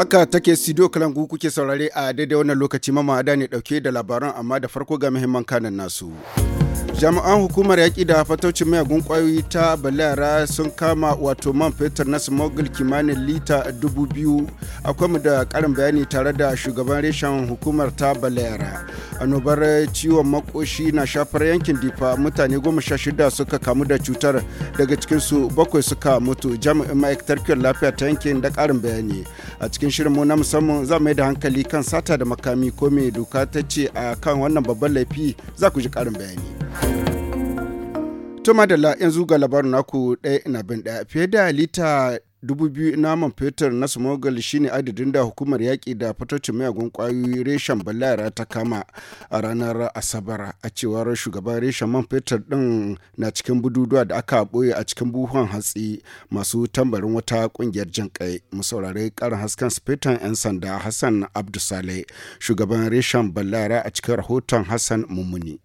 Haka take studio kalangu kuke saurare a daidai wannan lokaci mama da ne dauke da labaran amma da farko ga muhimman kanan nasu. jami'an hukumar yaƙi da fataucin mayagun ƙwayoyi ta balara sun kama wato man fetur na smogul kimanin lita dubu biyu akwai da ƙarin bayani tare da shugaban reshen hukumar ta balara annobar ciwon makoshi na shafar yankin difa mutane goma sha shida suka kamu da cutar daga cikinsu bakwai suka mutu jami'in ma'aikatar kiwon lafiya ta yankin da ƙarin bayani a cikin shirin mu na musamman za mai da hankali kan sata da makami ko mai doka ta ce a kan wannan babban laifi za ku ji ƙarin bayani Tuma da yanzu ga labarin naku ɗaya ina bin ɗaya fiye da lita dubu biyu naman fetur na smogel shine adadin da hukumar yaƙi da fatocin miyagun ƙwayoyi reshen ballara ta kama a ranar asabar a cewar shugaban reshen man fetur ɗin na cikin bududuwa da aka ɓoye a cikin buhun hatsi masu tambarin wata ƙungiyar jin kai mu saurari ƙarin hasken sufetan 'yan sanda hassan abdusale shugaban reshen ballara a cikin rahoton hassan mummuni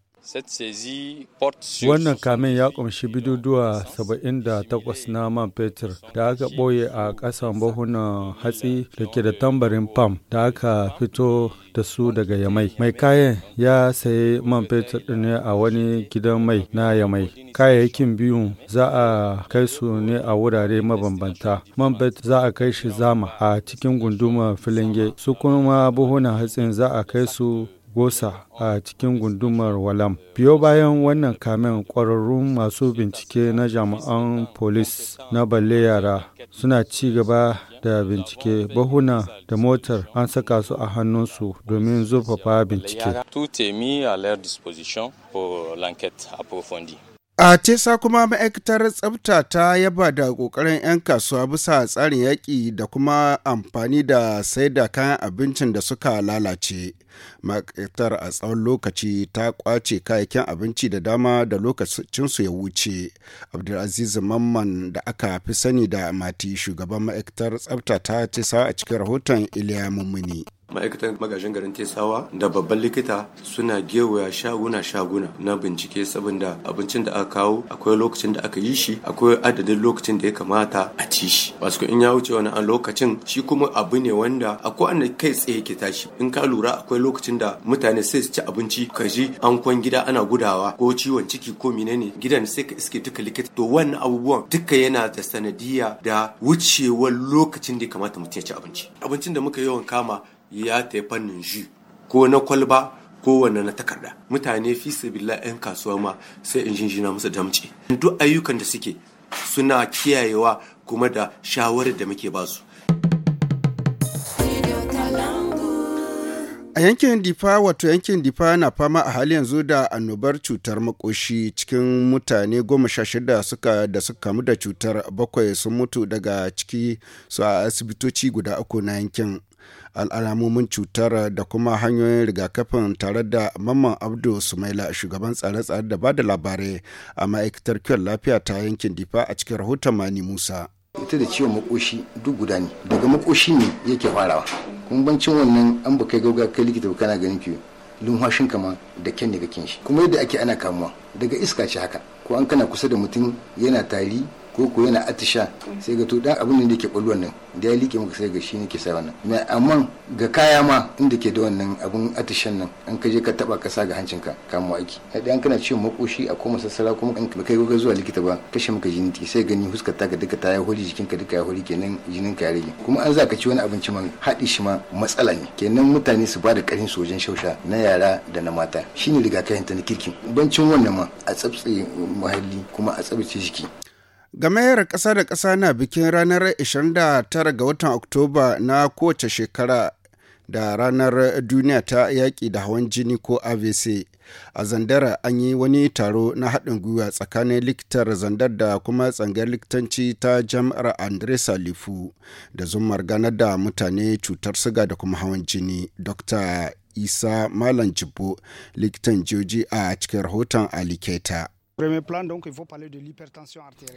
Wannan kamen ya kumshi da 78 na man fetur da aka ɓoye a ƙasan buhunan hatsi da ke da tambarin pam da aka fito da su daga yamai. Mai kayan ya sayi man fetur ɗin ne a wani gidan mai na yamai. Kayayyakin biyu za a kai su ne a wurare mabambanta. Man fetur za a kai shi zama a cikin gunduma filinge. Su kuma buhunan hatsin za a kai su Gosa a cikin gundumar Walam. Biyo bayan wannan kamen ƙwararrun masu bincike na jami'an polis na balle yara suna ci gaba da bincike bahuna da motar an saka su a hannunsu domin zurfafa bincike. A tesa kuma ma'aikatar tsabta ta yaba da ƙoƙarin 'yan kasuwa bisa tsarin yaƙi da kuma amfani da sai da kayan abincin da suka lalace. Ma'aikatar a tsawon lokaci ta ƙwace kayayyakin abinci da dama da lokacinsu ya wuce. Abdulaziz Mamman da aka fi sani da Mati shugaban ma'aikatar tsabta ta tesa a cikin rahoton Iliya Mummuni. ma'aikatan magajin garin tesawa da babban likita suna gewaya shaguna shaguna na bincike saboda abincin da aka kawo akwai lokacin da aka yi shi akwai adadin lokacin da ya kamata a ci shi wasu in ya wuce wani an lokacin shi kuma abu ne wanda akwai wanda kai tsaye ke tashi in ka lura akwai lokacin da mutane sai su ci abinci ka ji an kwan gida ana gudawa ko ciwon ciki ko menene gidan sai ka iske duka likita to wannan abubuwan duka yana da sanadiyya da wucewar lokacin da ya kamata mutum ya ci abinci abincin da muka yawan kama ya fannin ji ko na kwalba ko wanne na takarda mutane fi sabila 'yan kasuwa ma sai in jinjina musu damce duk ayyukan da suke suna kiyayewa kuma da shawarar da muke basu A yankin Difa wato yankin Difa na fama a hali yanzu da annobar cutar makoshi cikin mutane goma sha shida suka da suka kamu da cutar bakwai sun mutu daga ciki su a asibitoci guda uku na yankin. al'alamomin cutar da kuma hanyoyin rigakafin tare da mamman abdu sumaila shugaban tsare-tsare da bada labarai a ma'aikatar kiwon lafiya ta yankin difa a cikin rahoton mani musa ita da ciwon makoshi duk guda ne daga makoshi ne yake farawa kuma bancin wannan an ba kai gauga kai likita ba kana ganin fiye lumhashin kama da kyan ne ga shi kuma yadda ake ana kamuwa daga iska ce haka ko an kana kusa da mutum yana tari ko ko yana atisha sai ga to dan abin da ke bulwan nan da ya like maka sai ga shi ne ke sa wannan mai amma ga kaya ma inda ke da wannan abin atishan nan an ka je ka taba ka sa ga hancinka ka mu aiki dan kana ciwon makoshi a kuma sassara kuma in ka kai ga zuwa likita ba kashe maka jini sai gani huskar ta ka duka ta ya holi jikinka duka ya holi kenan jinin ka ya rage kuma an za ka ci wani abinci man haɗi shi ma matsala ne kenan mutane su ba da ƙarin su shausha na yara da na mata shine rigakafin ta na kirkin bancin wannan ma a tsabtsaye muhalli kuma a tsabtace jiki Gamayar ƙasa da ƙasa na bikin ranar 29 ga watan Oktoba na kowace shekara da ranar duniya ta yaƙi da hawan jini ko AVC. A Zandara an yi wani taro na haɗin gwiwa tsakanin likitar Zandar da kuma tsangar likitanci ta jam'ar andres Salifu da zumar ganar da mutane cutar suga da kuma hawan jini. Dr. Isa Malam jibo likitan joji a cikin rahoton Aliketa.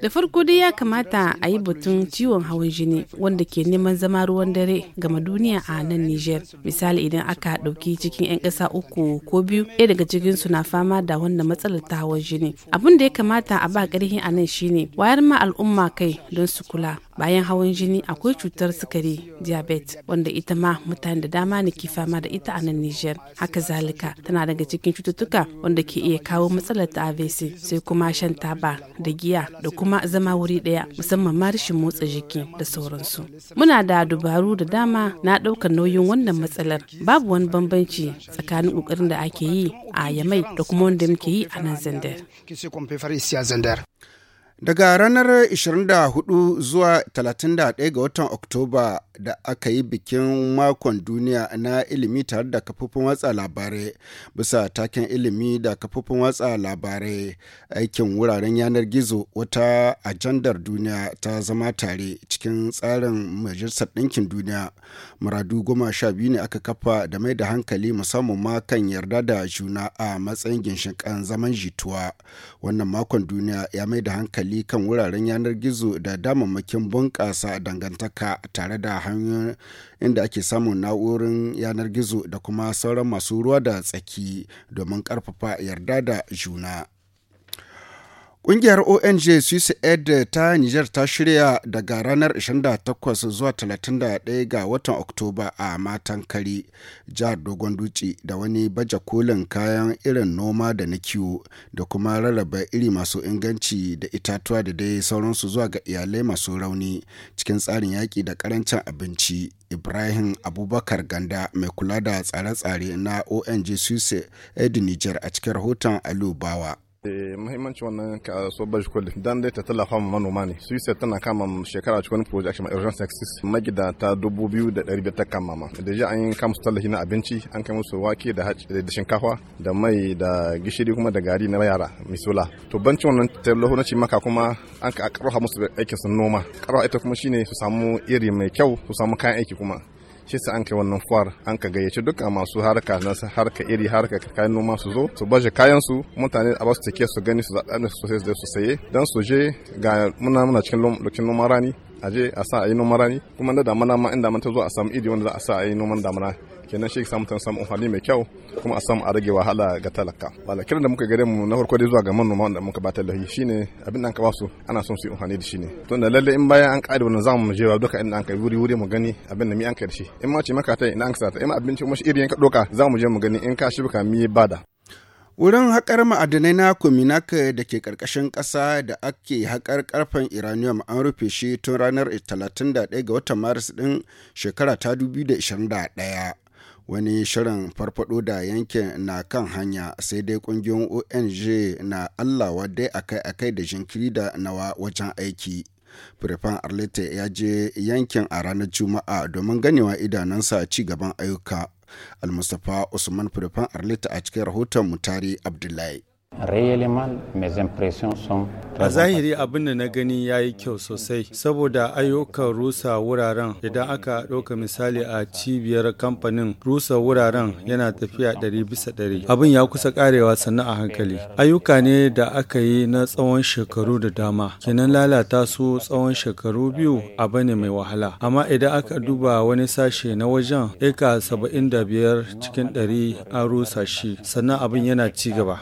Da farko dai ya kamata a yi batun ciwon hawan jini wanda ke neman zama ruwan dare gama duniya a nan Nijar. Misali idan aka ɗauki cikin 'yan ƙasa uku ko biyu ɗaya daga cikin su na fama da wannan matsalar ta hawan jini. Abin da ya kamata a ba ƙarfi a nan shine wayar ma al'umma kai don su kula. Bayan hawan jini akwai cutar sukari diabetes wanda ita ma mutane da dama ne ke fama da ita a nan Nijar. Haka zalika tana daga cikin cututtuka wanda ke iya kawo matsalar ta AVC. sai kuma shan taba da giya da kuma zama wuri daya musamman ma rashin motsa jiki da sauransu. Muna da dubaru da dama na ɗaukar nauyin wannan matsalar babu wani bambanci tsakanin ƙoƙarin da ake yi a Yamai da kuma wanda muke yi a nan Zandar. Daga ranar 24 zuwa 31 ga watan Oktoba da aka yi bikin makon duniya na ilimi tare da kafofin watsa labarai bisa taken ilimi da kafofin watsa labarai aikin wuraren yanar gizo wata ajandar duniya ta zama tare cikin tsarin majalisar ɗinkin duniya muradu goma sha biyu ne aka kafa da mai da hankali musamman ma kan yarda da juna a matsayin ginshiƙan zaman jituwa wannan makon duniya ya mai da hankali hankali kan wuraren yanar gizo da damammakin bunƙasa dangantaka tare da hanyoyin inda ake samun na'urin yanar gizo da kuma sauran masu ruwa da tsaki domin ƙarfafa yarda da juna. Ƙungiyar ONG Swiss Aid ta Nijar ta shirya daga ranar 28 zuwa 31 ga watan Oktoba a Matan Kari, jihar Dogon Dutse da wani baje kolin kayan irin noma da na kiwo da kuma rarraba iri masu inganci da itatuwa da dai sauransu zuwa ga iyalai masu rauni cikin tsarin yaƙi da ƙarancin abinci. Ibrahim Abubakar Ganda mai kula da tsare-tsare na ONG Swiss Aid Niger a cikin rahoton alubawa Bawa. Eh, muhimmanci wannan kasuwar bashi kolin dan dai ta tallafa ma manoma ne suisse tana kama shekara cikin project action urgent success magida ta dubu biyu da ɗari biyar ta kama ma da ji an yi kama su tallafi na abinci an kai musu wake da da shinkafa da mai da gishiri kuma da gari na yara misula to bancin wannan tallafi na maka kuma an ka ƙarfa musu aikin noma ƙarfa ita kuma shine su samu iri mai kyau su samu kayan aiki kuma shi sa an kai wannan kwar an ka gayyaci duka masu harka na harka iri harka kayan noma su zo su baje kayan su mutane a basu take su gani su zaɓe su sosai su saye dan su je ga muna muna cikin lokacin noman rani aje a sa a yi noman rani kuma na damana ma inda damana ta zo a samu idi wanda za a sa a yi noman damana kenan shi samu tan samu amfani mai kyau kuma a samu a rage wahala ga talaka wala kiran da muka gare mu na farko dai zuwa ga manoma wanda muka ba lahi shine abin da an ka ba su ana son su yi amfani da shi ne to da lalle in bayan an kare wannan zamu je wa duka inda an kai wuri wuri mu gani abin da mi an kai da shi in ma ce maka ta ina an ka ta in abinci kuma shi iri yanka doka zamu je mu gani in ka shi baka mi bada Wurin haƙar ma'adinai na Kominak da ke ƙarƙashin ƙasa da ake haƙar ƙarfen Iranium an rufe shi tun ranar 31 ga watan Maris ɗin shekara ta 2021. Wani shirin farfado da yankin na kan hanya sai dai ƙungiyoyin ONG na Allah dai akai-akai da jinkiri da nawa wajen aiki. Firifan Arlete ya je yankin a ranar Juma'a domin ganewa idanunsa ci gaban ayyuka. almustapha usman firfan arlita a cikin rahoton mutari abdullahi A zahiri abin da na gani ya yi kyau sosai saboda ayyukan rusa wuraren idan aka ɗauka misali a cibiyar kamfanin rusa wuraren yana tafiya ɗari bisa ɗari. Abin ya kusa ƙarewa sannan a hankali. Ayyuka ne da aka yi na tsawon shekaru da dama. Kenan lalata su tsawon shekaru biyu abu ne mai wahala. Amma idan aka duba wani sashe na wajen eka saba'in da biyar cikin ɗari an rusa shi sannan abin yana ci gaba.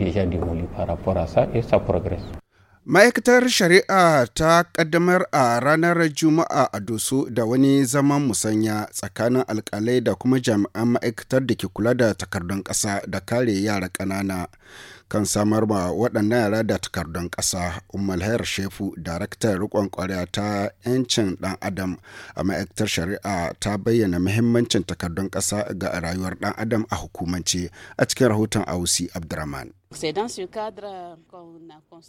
déjà démoli par rapport à ça et ça progresse. Ma'aikatar Shari'a ta kaddamar a ranar Juma'a a Doso da wani zaman musanya tsakanin alkalai da kuma jami'an ma'aikatar da ke kula da takardun ƙasa da kare yara ƙanana kan samar ma waɗannan yara da takardun ƙasa. hayar Shefu, daraktar riƙon ƙwarya ta 'yancin ɗan Adam a ma'aikatar Shari'a ta bayyana muhimmancin takardun ƙasa ga rayuwar ɗan Adam a hukumance a cikin rahoton Ausi Abdurrahman.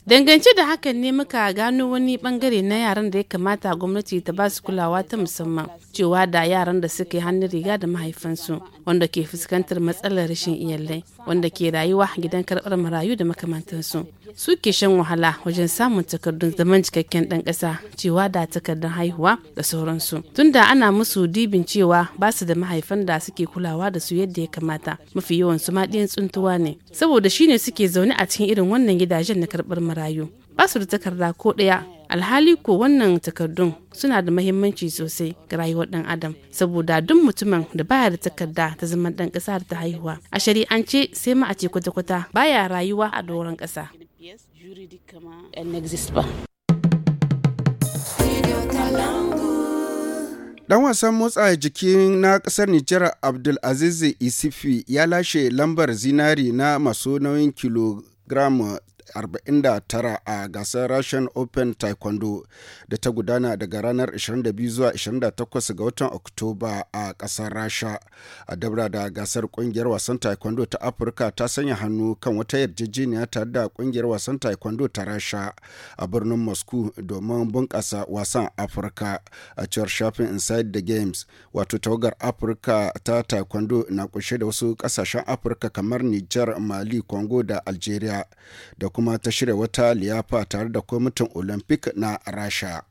Dangance da hakan ne muka gano wani bangare na yaran da ya kamata gwamnati ta ba su kulawa ta musamman cewa da yaran da suka yi hannun riga da mahaifansu wanda ke fuskantar matsalar rashin iyalai wanda ke rayuwa gidan karbar marayu da makamantansu Su ke shan wahala wajen samun takardun zaman cikakken ɗan ƙasa cewa da takardun haihuwa da sauransu tunda ana musu dibin cewa ba su da mahaifan da suke kulawa da su yadda ya kamata mafi yawan su ma ɗiyan tsuntuwa ne saboda shine suke zaune a cikin irin wannan gidajen na karɓar marayu ba su da takarda ko ɗaya alhali ko wannan takardun suna da mahimmanci sosai ga rayuwar dan adam saboda duk mutumin da baya da takarda ta zaman dan kasa da ta haihuwa a shari'ance sai ma a ce kwata-kwata baya rayuwa a doron kasa yes juridiquement elle n'existe pas Dan wasan motsa jiki na kasar Nijar Abdulaziz Isifi ya lashe lambar zinari na masu nauyin kilogram 49 a gasar Russian Open Taekwondo da ta gudana daga ranar 22 zuwa 28 ga watan Oktoba a ƙasar Rasha. A dabra da gasar ƙungiyar wasan Taekwondo ta Afirka ta sanya hannu kan wata yarjejeniya tare da ƙungiyar wasan Taekwondo ta Rasha a birnin Moscow domin bunƙasa wasan Afirka a cewar shafin Inside the Games. Wato tawagar Afirka ta Taekwondo na kunshe da wasu ƙasashen Afirka kamar Nijar, Mali, Kongo da Algeria da kuma ta shirya wata liyafa tare da kwamitin olympic na rasha.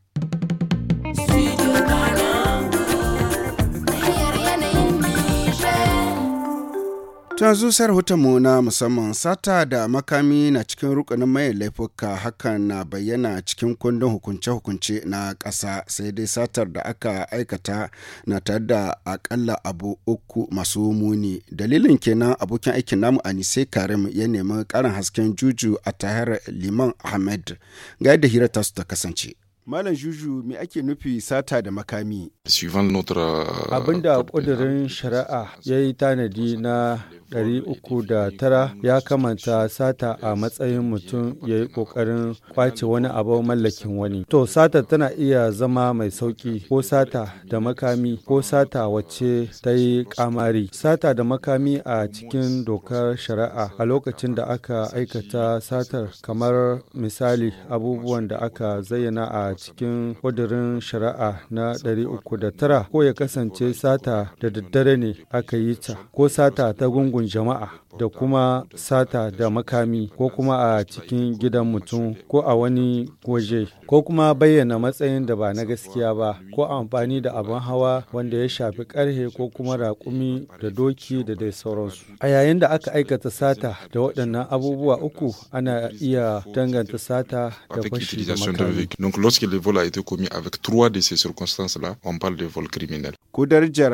Can zusar mu na musamman sata da makami na cikin rukunin mayan laifuka hakan na bayyana cikin kundin hukunce-hukunce na ƙasa sai dai satar da aka aikata na tare da akalla abu uku masu muni. Dalilin kenan abokin aikin namu Anise Karim ya nemi ƙarin hasken juju a tahar Liman Ahmed ga yadda hira ta su ta kasance. Malam Juju me ake nufi sata da makami? Euh, da ƙudurin shari'a ya yi tanadi na 309 ya kamanta sata a matsayin mutum ya yi ƙoƙarin kwace wani abu mallakin wani. To, sata tana iya zama mai sauƙi ko sata da makami ko sata wacce ta yi ƙamari. Sata da makami a cikin dokar shari'a a lokacin da aka aikata satar kamar misali abubuwan da aka zayyana a cikin kudurin shari'a na 309 ko ya kasance sata da daddare ne aka yi ta ko sata ta gungun jama'a da kuma sata da makami ko kuma a cikin gidan mutum ko a wani waje ko kuma bayyana matsayin da ba na gaskiya ba ko amfani da abin hawa wanda ya shafi karhe ko kuma raƙumi da doki da dai sauransu a yayin da aka aikata sata da waɗannan abubuwa uku ana iya danganta sata da fashi da makami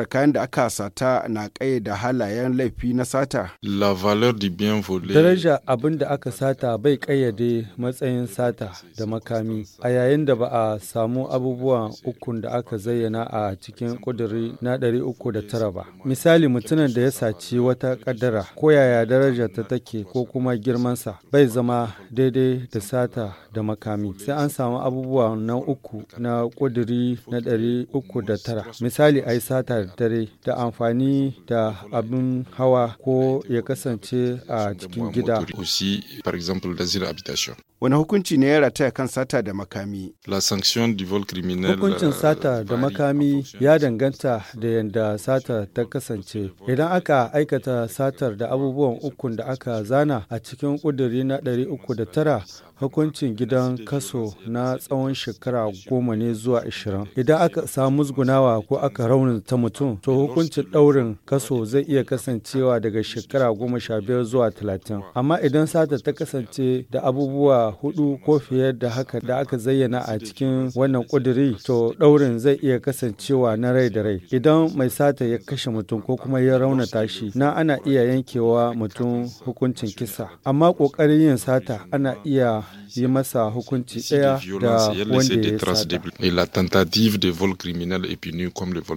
kayan da aka sata na da halayen laifi na sata? la valeur du bien volé. Daraja abin da aka sata bai kayyade matsayin sata da makami a yayin da ba a samu abubuwa ukun da aka zayyana a cikin kudiri na tara ba. Misali mutumin da ya saci wata kaddara ko yaya daraja ta take ko kuma girman sa bai zama daidai da sata da makami. Sai an samu abubuwa na uku na kuduri na 309. Misali a yi sata da dare da amfani da abin hawa ko ya kasance a gida. Aussi, par exemple, l'asile habitation. wani hukunci ne ya rataya kan sata da makami. Hukuncin euh, sata da makami ya danganta da yadda sata ta kasance. Idan aka aikata satar da abubuwan ukun da aka zana a cikin ƙuduri na tara hukuncin gidan kaso na tsawon shekara goma ne zuwa ashirin. Idan aka samu musgunawa ko aka ta mutum, to hukuncin ɗaurin kaso zai iya kasancewa daga shekara goma sha biyar zuwa talatin. Amma idan sata ta kasance da abubuwa hudu ko fiye da haka da aka zayyana a cikin wannan ƙuduri to daurin zai iya kasancewa na rai da rai idan mai sata ya kashe mutum ko kuma ya rauna tashi na ana iya yankewa mutum hukuncin kisa amma kokarin yin sata ana iya yi masa hukunci ɗaya da wanda ya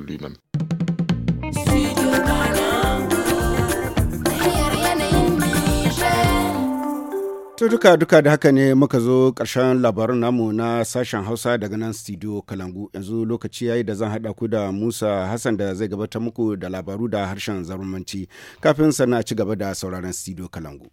sata. To duka duka da haka ne muka zo karshen labarin namu na sashen Hausa daga nan studio Kalangu. Yanzu lokaci yayi da zan haɗa ku da Musa Hassan da zai gabatar muku da labaru da harshen zarumanci kafin na ci gaba da sauraron studio Kalangu.